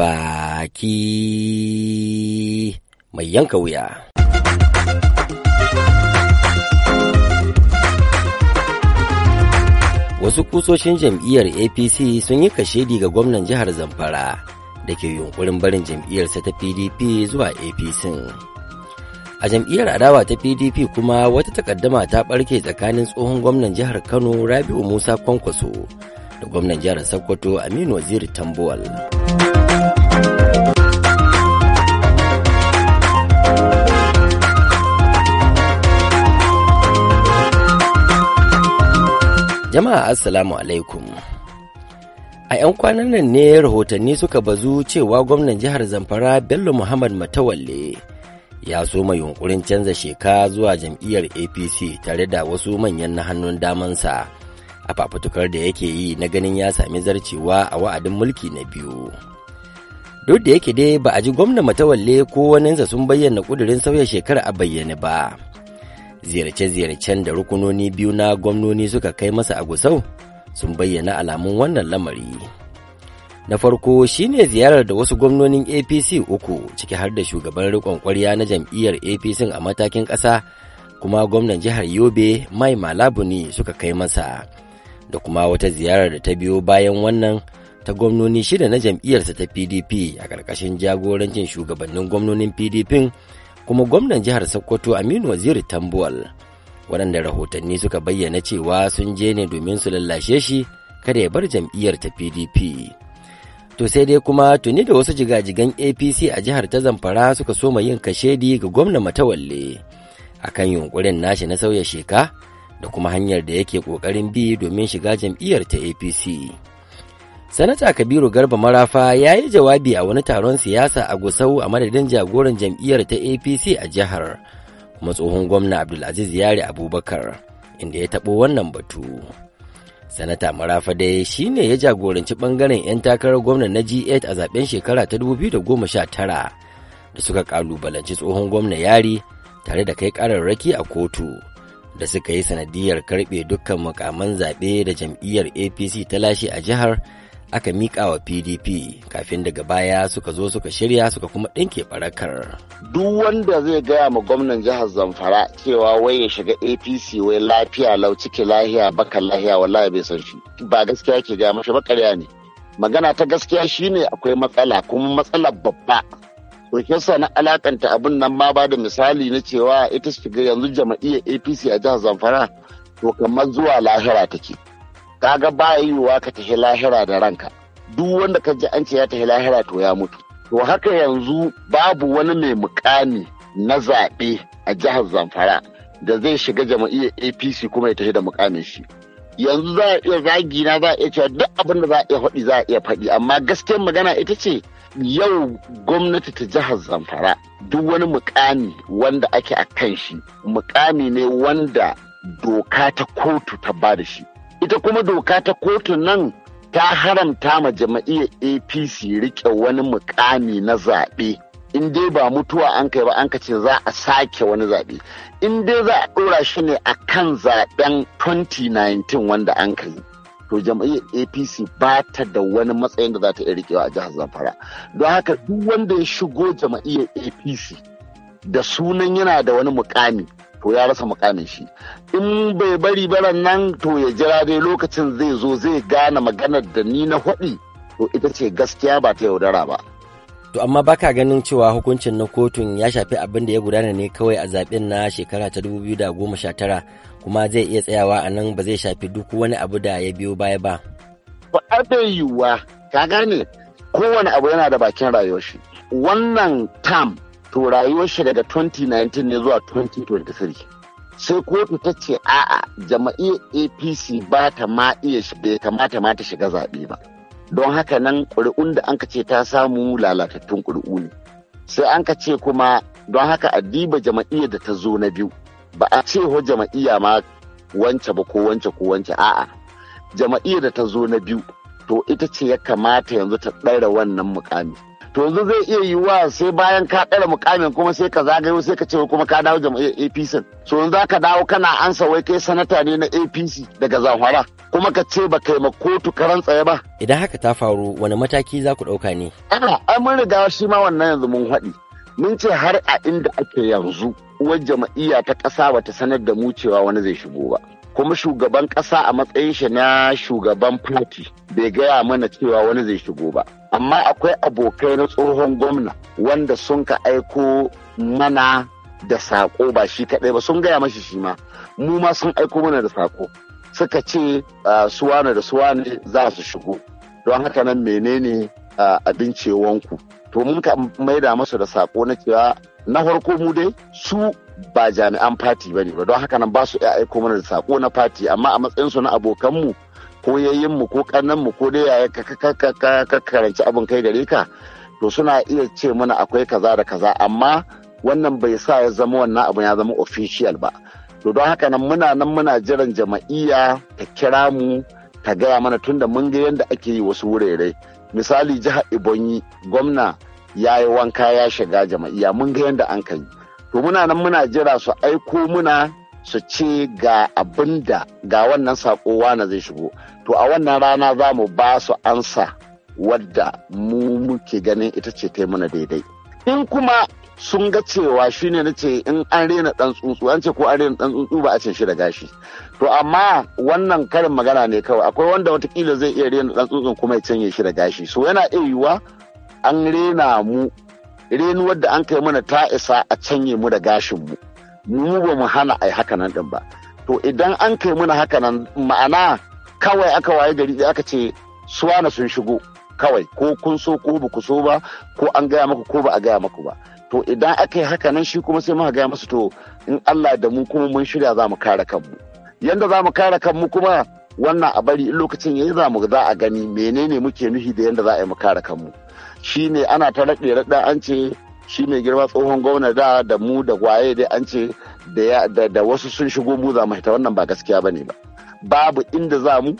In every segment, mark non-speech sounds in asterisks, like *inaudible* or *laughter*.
baki mai yanka wuya. Wasu kusoshin jam'iyyar APC sun yi kashedi ga gwamnan jihar Zamfara da ke yunkurin barin jam'iyyarsa ta PDP zuwa APC. A jam'iyyar adawa ta PDP kuma wata takaddama ta ɓarke tsakanin tsohon gwamnan jihar Kano Rabi'u Musa Kwankwaso da gwamnan jihar Sokoto Aminu Waziri Tambuwal. Jama'a Assalamu alaikum. A 'yan kwanan nan ne rahotanni suka bazu cewa gwamnan jihar Zamfara Bello Muhammad Matawalle ya soma yunkurin canza sheka zuwa jam'iyyar APC tare da wasu manyan na hannun damansa a fafutukar da yake yi na ganin ya sami zarcewa a wa'adin mulki na biyu. Duk da yake dai ba a ji gwamnan Matawalle ko waninsa sun bayyana ƙudurin sauya shekara a bayyane ba. Ziyarce-ziyarcen da rukunoni biyu na gwamnoni suka kai masa a Gusau sun bayyana alamun wannan lamari. Na farko shine ziyarar da wasu gwamnonin APC uku ciki har da shugaban riƙon ƙwarya na jam'iyyar APC a matakin ƙasa kuma gwamnan jihar Yobe Mai Malabuni suka kai masa da kuma wata ziyarar da ta biyo bayan wannan ta gwamnoni shida na jam'iyyarsa ta PDP a ƙarƙashin jagorancin shugabannin gwamnonin PDP kuma gwamnan jihar Sokoto Aminu Waziri Tambuwal waɗanda rahotanni suka bayyana cewa sun je ne domin su lallashe shi kada ya bar jam'iyyar ta PDP. To sai dai kuma tuni da wasu jigajigan APC a jihar ta Zamfara suka soma yin kashedi ga gwamnan Matawalle akan yunkurin nashi na sauya sheka da kuma hanyar da yake ƙoƙarin bi domin shiga jam'iyyar ta APC. Sanata Kabiru Garba Marafa ya yi jawabi a wani taron siyasa a Gusau a madadin jagoran jam'iyyar ta APC a jihar, kuma tsohon gwamna Abdulaziz Yari Abubakar, inda ya taɓo wannan batu. Sanata Marafa dai shi ne ya jagoranci ɓangaren 'yan takarar gwamna na G8 a zaben shekara ta 2019 da suka kalubalanci tsohon gwamna Yari tare da kai ƙararraki a kotu. da suka yi sanadiyar karɓe dukkan makaman zaɓe da jam'iyyar apc ta lashe a jihar aka miƙa wa pdp kafin daga baya suka zo suka shirya suka kuma ɗinke barakar duk wanda zai gaya ma gwamnan jihar zamfara cewa wai ya shiga apc wai lafiya lau ciki lahiya bakan lahiya wallahi bai san shi ba gaskiya ke gaya mashi ba ne magana ta gaskiya shine akwai matsala kuma matsalar babba Rikisa na alakanta abin nan ma ba da misali na cewa ita shiga yanzu jama'iyyar apc a jihar zamfara to kamar zuwa lahira take kaga ba yiwuwa ka tafi lahira da ranka duk wanda ka ji an ce ya tafi lahira to ya mutu to haka yanzu babu wani mai mukami na zaɓe a jihar zamfara da zai shiga jama'iyyar apc kuma ya tafi da mukamin shi yanzu za a iya zagi na za a iya cewa duk abin da za a iya faɗi za a iya faɗi amma gaskiyar magana ita ce yau gwamnati ta jihar zamfara duk wani mukami wanda ake a kan shi mukami ne wanda doka ta kotu ta ba da shi ita kuma doka ta kotunan nan ta haramta ma jama'iyyar apc rike wani mukami na zaɓe in dai ba mutuwa an kai ba an ce za a sake wani zaɓe in dai za a ɗora shi ne a kan zaɓen 2019 wanda an kai to jama'iyyar apc ba ta da wani matsayin da za ta iya rikewa a jihar zamfara don haka duk wanda ya shigo jam'iyyar apc da sunan yana da wani mukami to ya rasa mukamin shi in bai bari baran nan to ya jira dai lokacin zai zo zai gane maganar da ni na faɗi to ita ce gaskiya ba ta yaudara ba to amma baka ganin cewa hukuncin na kotun ya shafi abin da ya gudana ne kawai a zaben na shekara ta 2019 kuma zai iya tsayawa a nan ba zai shafi duk wani abu da ya biyo baya ba ba bai yiwuwa ka gane kowane abu yana da bakin rayuwar shi wannan tam to rayuwar shi daga 2019 ne zuwa 2023 sai kotu ta ce a'a jama'iyyar apc ba ta ma iya bai kamata ma ta shiga zaɓe ba don haka nan ƙuri'un da anka ce ta samu lalatattun ƙuri'u ne sai anka ce kuma don haka a diba jama'iyyar da ta zo na biyu ba a ce ho jama'iyya ma wance ba ko wance ko wance a'a jama'iyyar da ta zo na biyu to ita ce ya kamata yanzu ta ɗaira wannan mukami to yanzu zai iya yiwuwa sai bayan ka ɗara mukamin kuma sai ka zagayo sai ka ce kuma ka dawo jam'iyyar APC so yanzu za ka dawo kana ansa wai kai sanata ne na APC daga Zamfara kuma ka ce ba kai ma kotu karan tsaye ba idan haka ta faru wani mataki za ku ɗauka ne a'a ai mun riga shi ma wannan yanzu mun haɗi mun ce har a inda ake yanzu uwar jama'iyya ta ƙasa bata sanar da mu cewa wani zai shigo ba kuma shugaban ƙasa a matsayin shi na shugaban party bai gaya mana cewa wani zai shigo ba amma akwai abokai na tsohon gwamna wanda sun ka aiko mana da saƙo ba shi kaɗai ba sun gaya mashi shi ma mu ma sun aiko mana da saƙo suka ce ah, suwane da suwane za su shigo don haka nan menene ah, abin cewanku to mun ka maida masu da saƙo na cewa na farko mu dai su ba jami'an fati ba ne ba don haka nan ba su iya aiko mana da sako na fati amma a matsayinsu na abokanmu ko mu ko mu ko dai yaya ka karanci abin kai gare ka to suna iya ce mana akwai kaza da kaza amma wannan bai sa ya zama wannan abun ya zama official ba to don haka nan muna nan muna jiran jama'iyya ta kira mu ta gaya mana tunda mun ga yadda ake yi wasu wurare misali jihar ibonyi gwamna ya yi wanka ya shiga jama'iyya mun ga yadda an kai to muna nan muna jira su aiko muna su ce ga abin da ga wannan sako wane zai shigo to a wannan rana za mu ba su ansa wadda mu muke ganin ita ce ta mana daidai in kuma sun ga cewa shine na ce in an rena dan tsuntsu an ce ko an rena dan tsuntsu ba a ce shi da gashi to amma wannan karin magana ne kawai akwai wanda watakila zai iya rena dan tsuntsun kuma ya canye shi da gashi so yana iya yiwuwa an rena mu renuwar da an kai mana ta isa a canye mu da gashin mu mu ba mu hana ai haka nan din ba to idan an kai mana haka nan ma'ana kawai aka waye gari aka ce suwana sun shigo kawai ko kun so ko ba ku so ba ko an gaya maku ko ba a gaya maku ba to idan aka yi haka nan shi kuma sai muka gaya masu to in Allah da mu kuma mun shirya za mu kare kanmu yanda za mu kare kanmu kuma wannan a bari in lokacin yayi za mu za a gani menene muke nuhi da yanda za a yi mu kare kanmu ne ana ta raɗe raɗe an ce shi mai girma tsohon gwamna da da mu da gwaye dai an ce da wasu sun shigo mu za mu hita wannan ba gaskiya ba ne ba babu inda za mu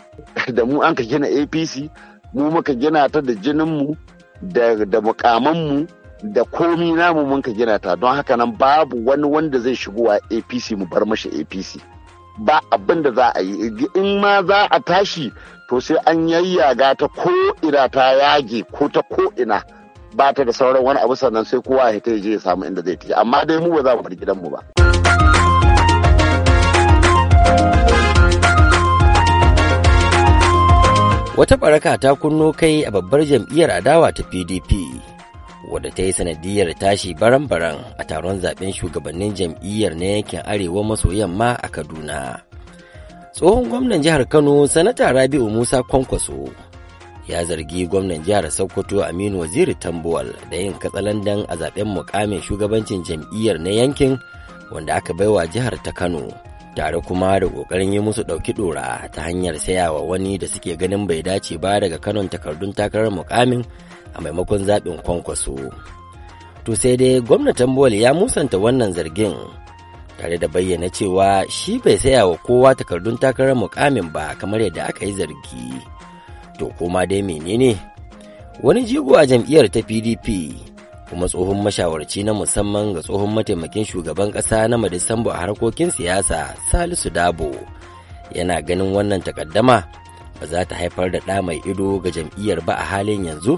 *laughs* da mu an ka gina apc mu muka gina ta da jinin mu da mukamanmu da komi namu mun ka gina ta don haka nan babu wani wanda zai shigowa apc mu bar mashi apc ba abin da za a yi in ma za a tashi to sai an yayyaga ta ko ina ta yage ko ta ko ina ba ta da sauran wani abu sannan sai kowa ya ta je ya samu inda zai tafi amma dai mu ba za mu bar gidanmu ba. Wata baraka ta kunno kai a babbar jam'iyyar adawa ta PDP wadda ta yi sanadiyar tashi baran-baran a taron zaben shugabannin jam'iyyar na yankin arewa maso yamma a kaduna tsohon gwamnan jihar kano sanata rabi'u musa kwankwaso ya zargi gwamnan jihar sokoto aminu waziri tambuwal da yin katsalandan a zaben mukamin shugabancin jam'iyyar na yankin wanda aka baiwa jihar ta kano tare kuma da kokarin yi musu ɗauki ɗora ta hanyar sayawa wani da suke ganin bai dace ba daga kanon takardun takarar mukamin a maimakon zaɓin kwankwaso. To sai dai gwamnatin Bol ya musanta wannan zargin tare da bayyana cewa shi bai saya wa kowa takardun takarar mukamin ba kamar yadda aka yi zargi. To koma dai menene? Wani jigo a jam'iyyar ta PDP kuma tsohon mashawarci na musamman ga tsohon mataimakin shugaban ƙasa na Madisambu a harkokin siyasa Salisu Dabo yana ganin wannan takaddama ba za ta haifar da ɗa mai ido ga jam'iyyar ba a halin yanzu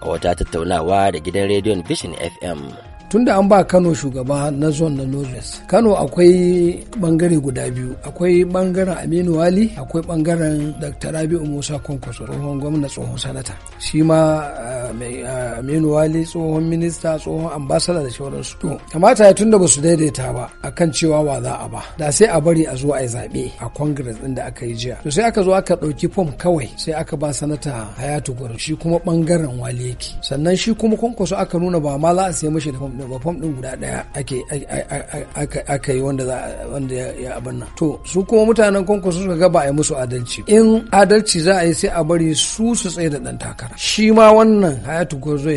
a wata tattaunawa da gidan rediyon vision fm tunda an ba kano shugaba na zon na northwest kano akwai bangare guda biyu akwai bangaren aminu wali akwai bangaren dr rabi'u musa kwankwaso tsohon gwamna tsohon sanata shi ma eh, eh, aminu wali tsohon minista tsohon ambasada da sauransu to kamata ya tunda ba su daidaita ba akan cewa wa za a ba da sai a bari a zo a yi zaɓe a congress din da aka yi jiya to sai aka zo aka ɗauki fom kawai sai aka ba sanata hayatu gwaro shi kuma bangaren wali yake sannan shi kuma kwankwaso aka nuna ba ma za a sai mashi da fom ba fom din guda daya ake aka yi wanda wanda ya abin nan to su kuma mutanen kwankwaso suka ga ba a yi musu adalci in adalci za a yi sai a bari su su tsaye da dan takara shi ma wannan hayatu zo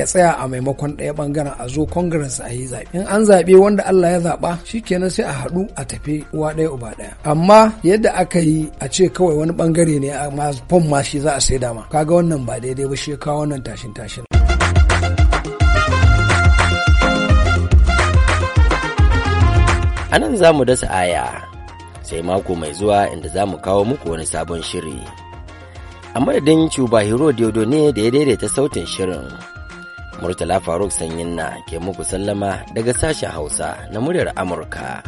ya tsaya a maimakon ɗaya bangaren a zo congress a yi zaɓe in an zaɓe wanda Allah ya zaɓa shikenan sai a haɗu a tafi uwa ɗaya uba ɗaya amma yadda aka yi a ce kawai wani bangare ne a fom ma shi za a sai dama kaga wannan ba daidai ba shi kawo wannan tashin tashin a nan za mu dasa aya sai mako mai zuwa inda za mu kawo muku wani sabon shiri a madadin cuba hero diodo ne da ya daidaita sautin shirin murtala faruk sanyin na ke muku sallama daga sashen hausa na muryar amurka